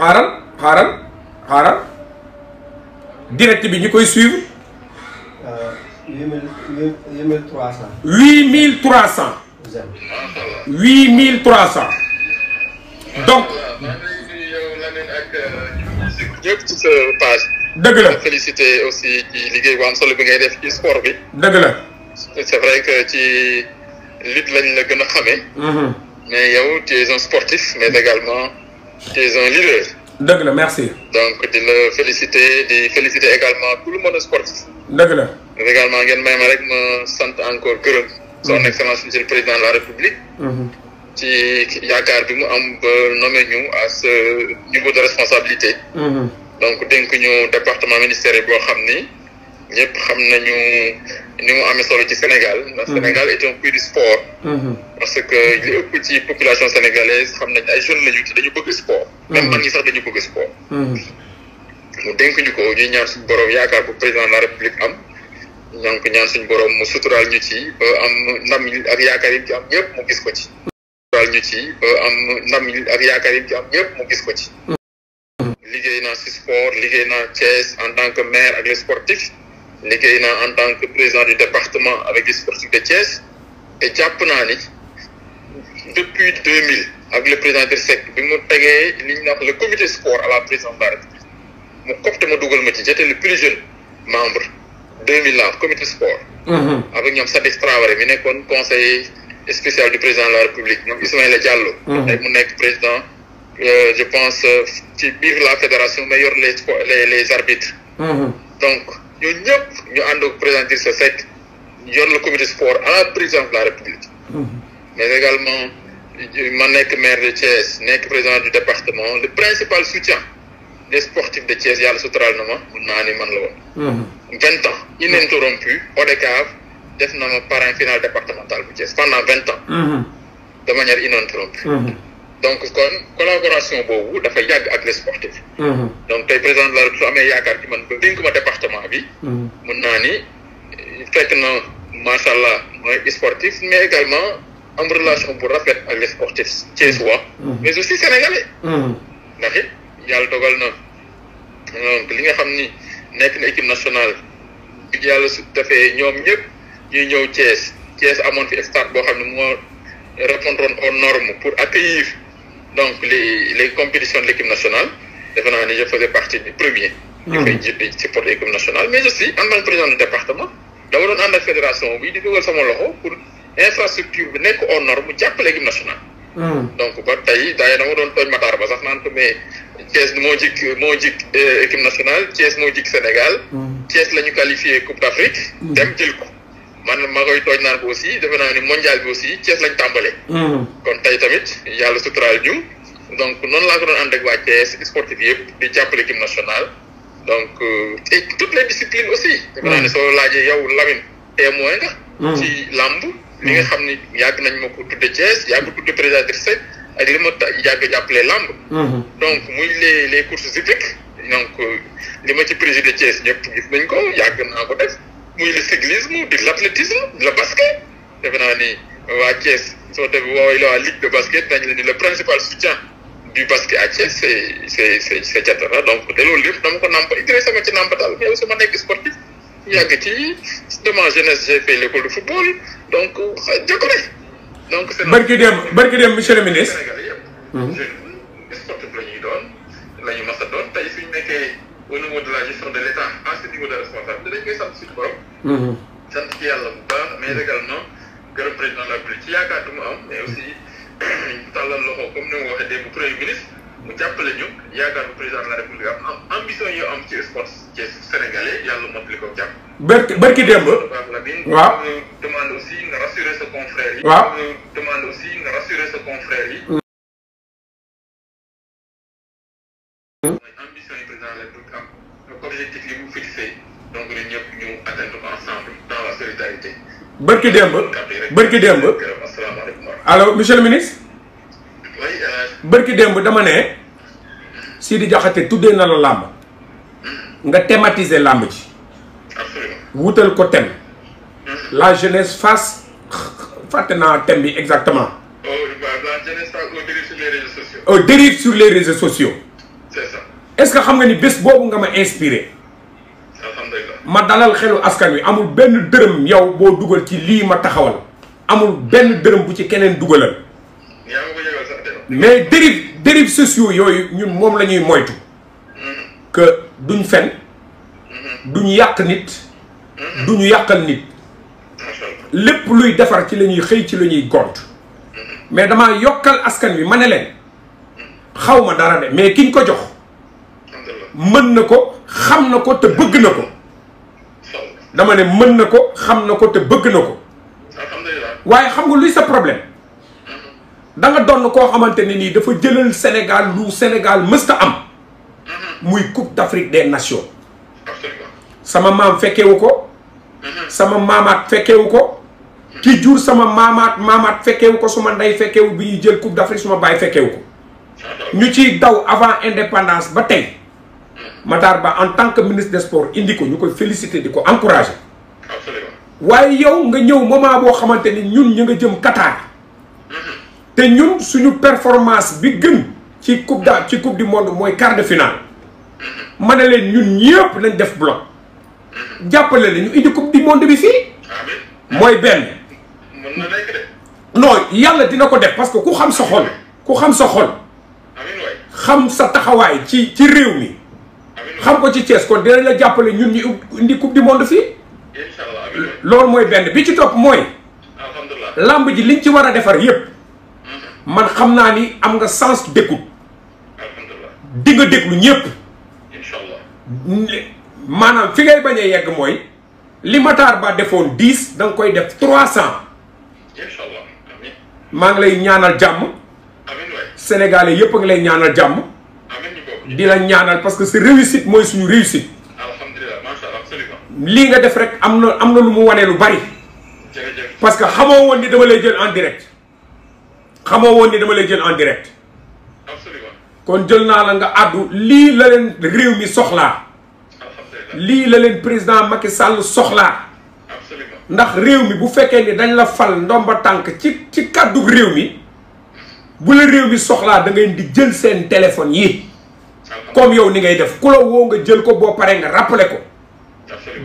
xaaral xaaral xaaral direct bi ñu koy suivre. Euh, huit mille huit mille trois cent. huit mille trois cent. huit mille trois cent. donc. dëgg la félicité aussi ci liggéey bu am solo bi ngay def ci sport bi. dëgg la. c'est vrai que ci lutte lañ la gën a xamee. Mhm. mais yow tu es un sportif mais également. qui merci. donc di la féliciter di féliciter également tout le monde sportif. dëgg également ngeen may ma rek ma sant encore gërëm. son mhm. excellence monsieur le président de la république. Mhm. ci yaakaar bi mu am ba nommé ñu à ce niveau de responsabilité. Mhm. donc dénk ñu département ministériel boo xam ni. ñëpp xam nañu ni mu amee solo ci Sénégal na mhm. Sénégal est un pays du sport mhm. parce que li ëpp ci population sénégalaise xam nañ ay jeunes lañu te dañu bëgg sport mhm. même mag ñi sax dañu bëgg sport mu dénk ñu ko ñuy ñaan suñu borom yaakaar bu président la république am ñoo ñaan suñu borom mu suturaal ñu ci ba am ndam ak yaakaar yi ci am ñëpp mu gis ko ci ñu ci ba am ndam ak yaakaar yi ci am ñëpp mu gis ko ci liggéey naa sport liggéey na Thiès en tant que maire ak les sportifs liggéey naa en tant que président du département avec les sportifs de Thiès te jàpp naa ni depuis 2000 ak le président de Seck bi mu tegee li ñu naan le comité sport à la présidence de la République mu copte ma dugal ma ci j'étais le plus jeune membre 2000 la comité sport. Mhm. avec ñoom Sadikh Traoré mi nekkoon conseiller spécial du président de la République ñoom Ismaïla Diallo. Mhm. tey mu nekk président euh, je pense euh, ci biir la fédération mais yor les les les arbitres. Mhm. donc. ñooñu ñëpp ñu ànd ak président Idrissa Seck yor le comité sport à la présidence de la République. mais également ma nekk maire de Thiès nekk président du département le principal soutien des sportifs de Thiès yàlla suturaal na ma mun naa ni man la woon. vingt ans ininterrompu ODCAV def na ma parrain final départemental bu Thiès pendant vingt ans. de manière ininterrompue. donc kon collaboration boobu dafa yàgg ak les sportifs. Mhm. donc tey président de la République su amee yaakaar ci man ba dénk ma département bi. Mhm. mun naa ni fekk na macha allah mooy sportif mais également am relation bu rafet ak les sportifs thiessois. Mhm. mais aussi sénégalais. ndax it yàlla dogal na li nga xam ni nekk na équipe nationale bi yàlla su defee ñoom ñëpp ñuy ñëw Thiès Thiès amoon fi stade boo xam ne moo répondre aux normes pour accueillir. donc les les compétitions de l'équipe nationale defe naa ni je faisais partie du premier. ñu fay mmh. jiite support équipe nationale mais aussi en tant que président du département dama doon ànd ak fédération bi di dugal sama loxo pour infrastructure bu nekk aux normes mu jàppale équipe nationale. Mmh. donc ba tey daay dama doon tooñ Matar ba sax naan ko mais Thiès moo jik moo jik euh, équipe nationale Thiès moo jik Sénégal. Mmh. Thiès la ñu qualifié Coupe d'Afrique. dem ko. man ma koy tooñ naan ko aussi defe naa ni mondial bi aussi Thiès lañ tàmbalee. Hmm. kon tey tamit yàlla suturaal ñu. donc noonu laa ko doon ànd ak waa Thiès sportif yëpp di jàppale équipe nationale. donc euh, toutes les disciplines aussi. Hmm. defe naa soo laajee yow Lamine témoin nga. Hmm. ci làmb. li nga xam ni yàgg nañ ma ko tudde Thiès yàgg tudde président de sec ak li ma yàgg jàppale làmb. donc muy les les courses hippiques donc euh, li ma ci président Thiès ñëpp gis nañ ko yàgg naa ko def. muy le cyclisme di l' athlétisme le basket defe naa ni waa Thiès soo te woowee la waa ligue de basket dañ la ni le principal soutien du basket à Thiès c' donc de loolu lépp dama ko nampa Idrissa ma ci nampatal mais aussi ma nekk sportif yàgg ci de ma jeunesse j'ai fait l' école de football donc jokko rek. donc c' est barki dem barki dem monsieur le ministre. Sénégalais ñuy doon la ñu a doon au niveau de la gestion de l' état à ce niveau de responsable dañ koy sant suñu borom. Mhm. sant ci yàlla bu mais mhm. également gërëm président la République ci yaakaar mu am mais aussi ñu loxo comme ni mu waxee dégg premier ministre mu jàppale ñu yaakaar président la République ambition yoo am ci sport ci sénégalais yàlla mottali ko jàpp. bërki bërki démb. waaw demande aussi nga rassurer sa confrère yi. waaw demande rassurer sa confrère yi. Mhm. partenaires pour que bërki démb bërki démb. asalaamaaleykum monsieur ministre. Euh, bërki démb dama ne. Sidi Diakhaté tuddee na la làmb. Hmm. nga thématiser làmb ji. wutal ko thème. Hmm. la jeunesse face fàtte naa thème bi exactement. oh la jeunesse les réseaux sociaux. sur les réseaux sociaux. est-ce que xam nga ni bés boobu nga ma inspiré ma dalal xelu askan wi amul benn dërëm yow boo dugal ci lii ma taxawal amul benn dërëm bu ci keneen dugalal mais dérive dérive sociaux yooyu ñun moom la ñuy moytu mm-hmm. que duñ fen mm-hmm. duñ yàq nit mm-hmm. duñu yàqal nit lépp luy defar ci la ñuy xëy ci la ñuy gont mais damaa yokkal askan wi ma ne leen xaw ma dara de mais kiñ ko jox mën na ko xam na ko te bëgg na ko dama ne mën na ko xam na ko te bëgg na ko waaye xam nga luy sa problème da nga doon koo xamante ne nii dafa jëlal Sénégal lu Sénégal mësta am muy coupe d'Afrique de nations sama maam fekkewu ko sama maamaat fekkewu ko ki jur sama maamaat maamaat fekkewu ko suma ndey fekkewu bi ñuy jël coupe d'Afrique suma baay fekkewu ko ñu ci daw avant indépendance ba tey Matar Ba en tant que ministre de sports indi ko ñu koy féliciter di ko encourager. waaye yow nga ñëw moment boo xamante ni ñun ñu nga jëm Qatar. Mhm. te ñun suñu performance bi gën ci coupe da ci coupe du monde mooy quart de finale. Mhm. ma ne leen ñun ñëpp nañ def bloc. Mhm. jàppale la indi coupe du monde bi fii. mooy benn. non yàlla dina ko def parce que ku xam sa xol ku xam sa xol. xam sa taxawaay ci ci réew mi. xam ko ci Thiès kon dinañ la jàppale ñun ñu indi coupe du monde fii. loolu mooy benn bi ci topp mooy. lamb ji liñ ci war a defar yépp mm-hmm. man xam naa ni am nga sens d'écoute di déglu ñépp maanaam fi ngay bañ a yegg mooy li Matar Ba defoon dix da nga koy def trois cent maa ngi lay ñaanal jàmm sénégalais yépp a ngi lay ñaanal jàmm di la ñaanal parce que sa réussite mooy suñu réussite. alhamdulilah lii nga def rek am na am na lu mu wanee lu bari. parce que xamoo woon ni dama lay jël en direct. xamoo woon ni dama lay jël en direct. kon jël naa la nga àddu lii la leen réew mi soxlaa. lii la leen président Macky sàll soxlaa. ndax réew mi bu fekkee ni dañ la fal ndomba tànk ci ci kàddu réew mi bu la réew mi soxlaa da ngay di jël seen téléphone yi. comme yow ni ngay def ku la woo nga jël ko boo paree nga rappelé ko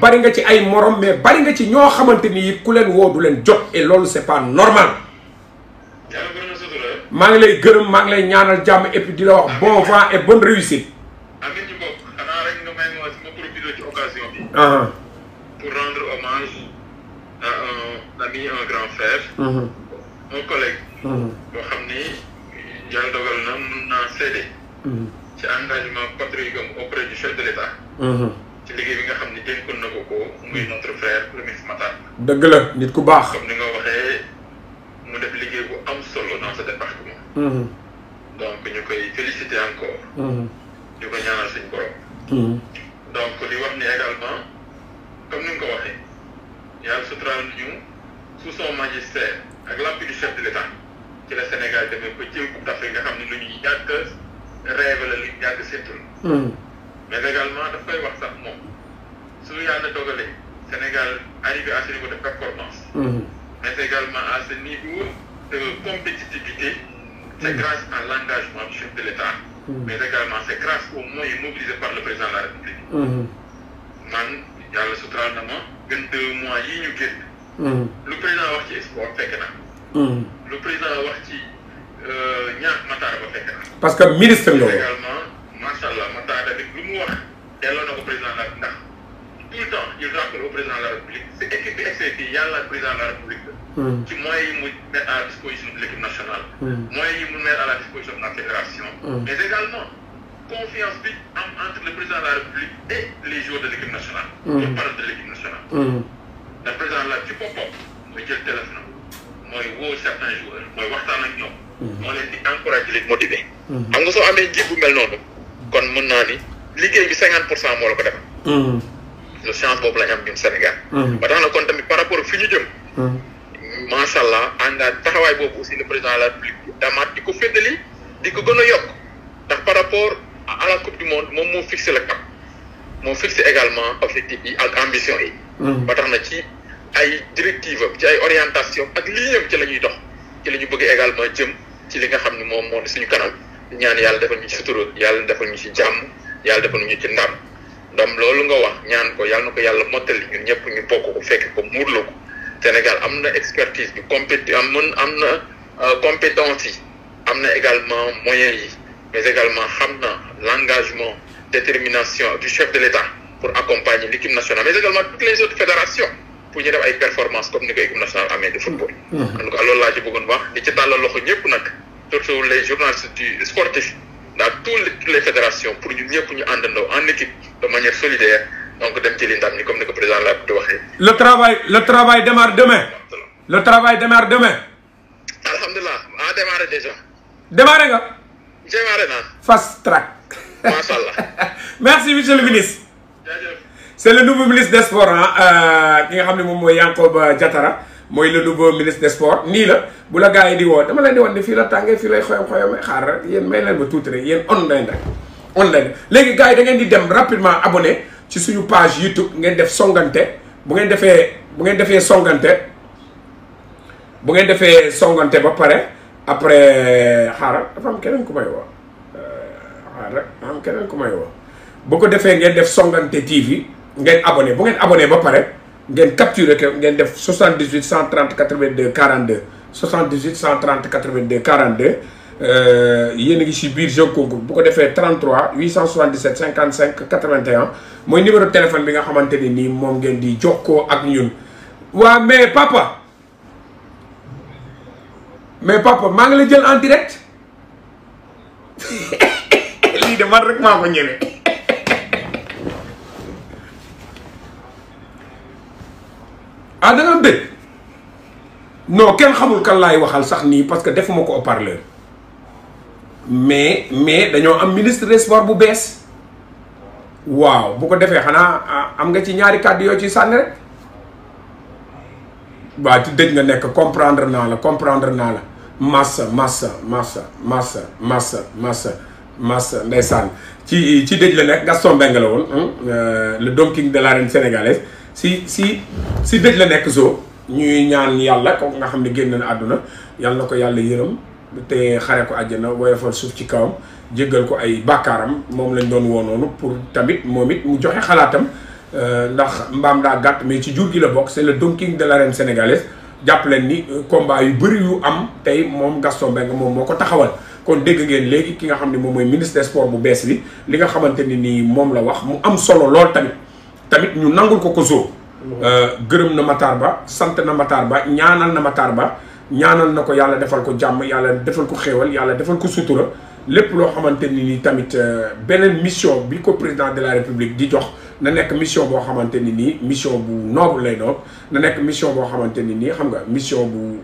bari nga ci ay morom mais bari nga ci ñoo xamante ni ku leen woo du leen jot et loolu c'est pas normal maa ngi lay gërëm maa ngi lay ñaanal jàmm et di la wax bon vent et bonne réussite ah. mm-hmm. mm-hmm. boo xam ni yàlla ci engagement patriotique am auprès du chef de l'État. Mhm. ci liggéey bi nga xam ne dénkoon na ko ko muy notre frère le ministre dëgg la nit ku baax. comme ni nga waxee mu def liggéey bu am solo dans ce département. Mhm. donc ñu koy féliciter encore. Mhm. di ko ñaanal donc li wax ni également comme ni nga ko waxee yàlla suturaal ñu sous son magistère ak l'appui du chef de l'État ci la Sénégal demee ba ci Coupe d'Afrique nga xam ne lu ñuy yàgg. rêve la liñ yàgg séntul hmm. mais également daf wax sax moom su yàlla dogalee Sénégal arrivé à ce niveau de performance hmm. mais également à ce niveau de compétitivité c'est hmm. grâce à l'engagement du chef de l'État mais également c'est grâce aux moyens mobilisés par le président de la République man yàlla suturaal na ma gën deux mois yi ñu génn lu président wax ci sport fekk na lu président wax ci Euh, ñaax na. parce que ministre nga woon également macha allah Matar tamit lu mu wax delloo de la ndax tout le temps il rappelle au président de la république si équipe bi excès fii yàlla président la république hmm. ci moyens yi mu mettre à la disposition de l' équipe nationale. Hmm. moyens yi mu mettre la disposition de la fédération. Hmm. mais également confiance bi am la république de l' équipe nationale. les parents de l' équipe nationale. le président la ci boppam mooy jël téléphone mooy woo certains joueurs mooy waxtaan ak ñoom. Mm-hmm. moo leen di encouragé leen motiver. Mm-hmm. xam nga soo amee njiit bu mel noonu. kon mën naa ni liggéey bi cinquante pour cent moo la ko defal. Mm-hmm. le chance boobu lañ am ñun Sénégal. ba tax na kon tamit par rapport fi ñu jëm. macha allah àndaat taxawaay boobu aussi le président de la République damaat di ko féddali di ko gën a yokk ndax par rapport à la coupe du monde moom moo fixé la cap moo fixé également objective yi ak ambition yi. ba tax na ci ay directive am ci ay orientation ak ligne ci la ñuy dox la ñu bëgg également jëm. ci li nga xam ni moom moo suñu kanam ñaan yàlla defal ñu ci sutura yàlla defal ñu ci jàmm yàlla defal ñu ci ndam ndam loolu nga wax ñaan ko yàlla na ko yàlla mottali ñun ñëpp ñu bokk ko fekk ko muurloo ko Sénégal am na expertise bi compéti am mën am na euh, compétence yi am na également moyens yi mais également xam na l'engagement détermination du chef de l'État pour accompagner l'équipe nationale mais également toutes les autres fédérations pour ñu def ay performance comme ni ko équipe nationale de football. Mm-hmm. en tout cas loolu laa wax di ci tàllal loxo ñëpp nag surtout les journalistes du sportif dans tous les fédérations pour ñun ñëpp ñu àndandoo en équipe de manière solidaire donc dem ci li ndam ni comme ni ko président la di waxee. le travail le demain. le travail démarre demain. alhamdulilah a ah, démarré déjà. démarré nga. démarré naa. fast track. macha merci monsieur ministre. c'est le nouveau ministre des sports ah ki nga xam ne moom mooy Yankoba jatara mooy le nouveau ministre des nii la bu la gars yi di woo dama leen di woon ne fii la tàngee fii lay xoyom xoyom xaar rek yéen may leen ba tuuti rek yéen online rek online léegi gars yi da ngeen di dem rapidement abonné ci suñu page YouTube ngeen def songante bu ngeen defee bu ngeen defee songante bu ngeen defee songante ba pare après xaaral dafa am keneen ku may woo euh, xaaral dafa am keneen ku ko defee ngeen def songante TV. ngeen abonné bu ngeen abonné ba pare ngeen capturé ko ngeen def 78 130 82 42 78 130 82 42 yéen a ngi si biir jeu concours bu ko defee 33 877 55 81 mooy numéro téléphone bi nga xamante ni nii moom ngeen di jokkoo ak ñun. waa mais papa mais papa maa ngi la jël en direct lii de man rek maa ko ñeme. non kenn xamul kan laay waxal sax nii parce que defuma ko au mais mais dañoo am ministre des bu bees waaw bu ko defee xanaa ah, am nga ci ñaari kàddu yoo ci sànni rek waaw ci dëj nga nekk comprendre naa la comprendre naa la massa massa massa massa massa massa massa ndeysaan ci ci dëj la nekk Gaston Mbengue la woon euh, le Don King de l'arène sénégalaise si si si dëj la nekk zoo ñuy ñaan yàlla kooku nga xam ne génn na àdduna yàlla na ko yàlla yërëm te xare ko àjjana woyofal suuf ci kawam jéggal ko ay bakkaaram moom lañ doon woonoonu pour tamit moom it mu joxe xalaatam euh, ndax mbaam daa gàtt mais ci jur gi la bokk c'est le Don King de l'arène sénégalaise jàpp leen ni euh, combat yu bëri yu am tey moom Gaston nga moom moo ko taxawal kon dégg ngeen léegi ki nga xam ne moom mooy ministre des bu bees bi li nga xamante ni nii moom la wax mu am solo lool tamit tamit ñu ko ko zoo Euh, gërëm na Matar Ba sant na Matar Ba ñaanal na Matar Ba ñaanal na ko yàlla defal ko jàmm yàlla defal ko xéewal yàlla defal ko sutura lépp loo xamante ni ni tamit euh, beneen mission bi ko président de la république di jox na nekk mission boo xamante ni nii mission bu noble lay doon na nekk mission boo xamante ni nii xam nga mission bu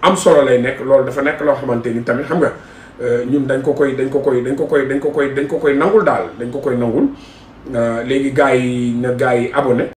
am solo lay nekk loolu dafa nekk loo xamante ni tamit xam nga euh, ñun dañ ko koy dañ ko koy dañ ko koy dañ ko koy dañ ko koy nangul daal dañ ko koy nangul léegi gars yi na gars yi abonné